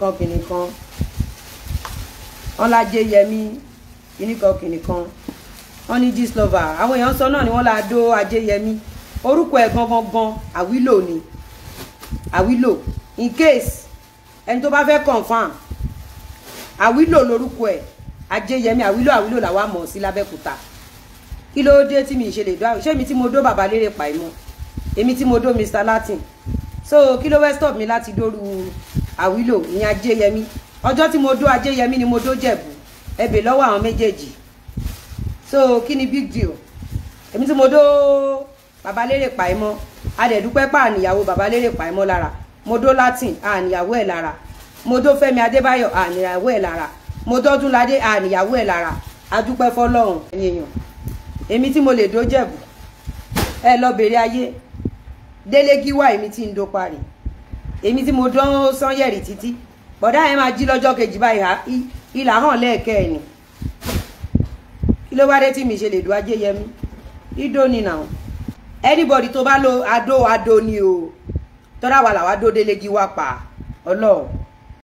kìnìkan kìnìkan ọlájẹ yẹmí kìnìkan kìnìkan wọn ní dis lover àwọn èèyàn sọ náà ni wọn la dó ajé yẹmí orúkọ ẹ̀ gangan gan àwílò ni àwílò in case ẹni tó bá fẹ́ confam àwílò lorúkọ ẹ̀ ajé yẹmí àwílò àwílò làwa mọ̀ sí lábẹ́kúta kí ló dé tí mi ṣe lè dó àwọn ṣé mi tí mo dó bàbá lérè pàìmọ́ èmi tí mo dó Mr Latin so kí ló wẹ́ stop mi láti dóru àwílò ní ajéyẹmí ọjọ́ tí mo dó ajéyẹmí ni mo dó jẹ̀bù ẹbè lọ́wọ́ àwọn méjèèjì so kí ni big deal èmi tí mo dó babalérè pàìmọ́ adẹ̀dúpẹ́ pa àníyàwó babalérè pàìmọ́ lára mo dó latin àníyàwó ẹ̀ lára mo dó fẹ́mi adébáyọ̀ àníyàwó ẹ̀ lára mo dọ́dún ládé àníyàwó ẹ̀ lára adúpẹ́ fọlọ́run èèyàn èmi tí mo lè dó jẹ̀bù ẹ lọ bèrè ayé délégiwá èmi tí ń dó parí èmi tí mo dán Sanyẹ̀rì títí bọ̀dá yẹn máa jí lọ́jọ́ kejì báyìí ìlà hàn lẹ́ẹ̀kẹ́ ẹ̀ ni kí ló wá dé tí mi ṣe lè du ajé yẹmí ìdó ni nà anybody tó bá lo adó adó ni o tọ́ra wa làwa dó délégi wa pa ọlọ́ọ̀.